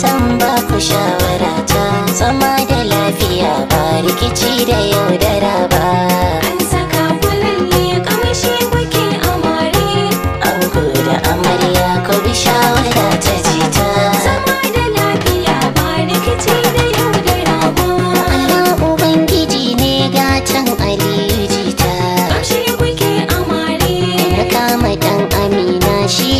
zan ba ku shawara ta zama da lafiya ba rikici da yaudara ba an saka kulalle kamshi kuke amare ango da amarya ku bi ta jita zama da lafiya ba rikici da yaudara ba Allah ubangiji ne gatan aliyu jita kamshi kuke amare na kama dan amina shi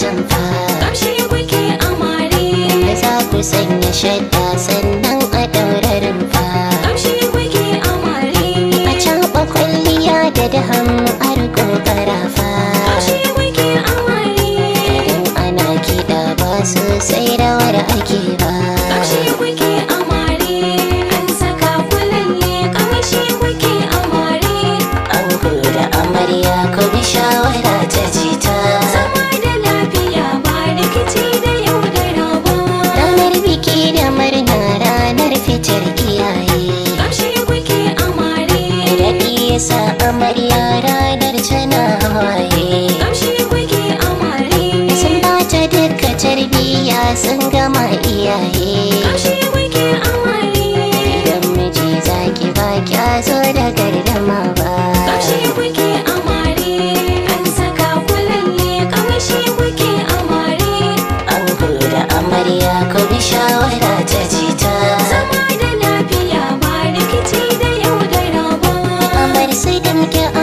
jamfa kamshi kuke amare da za ku sanya shadda sannan ma iyaye Idan miji zaki ba kya zo da gardama ba Kashi kuke amare An saka kulalle kamshi kuke amare An da amarya ko bi ta jita Zama da lafiya ba rikici da yaudara ba Amar sai da muke amare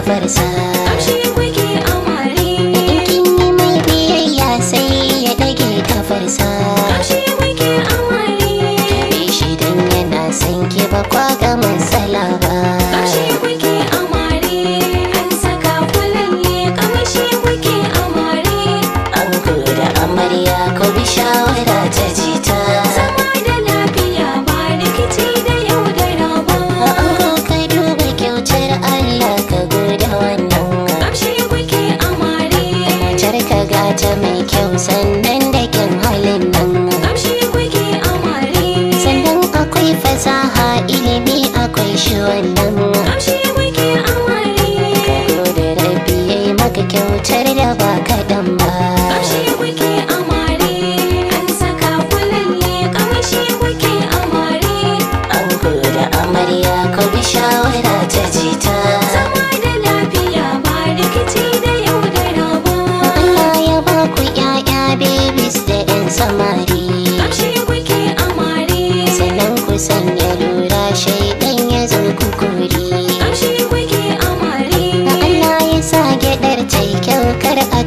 kafarsa Kamshin kuke amare kin yi mai biyayya sai ya ɗage kafarsa Kamshin dan yana san ki ga matsala ba Kamshin An saka kulalle kamshin kuke amare amarya ko bi send samari Kamshi Sanan sanya lura ya zo kukuri Kamshi kuke Allah ya sa gyadar ta kyau kar a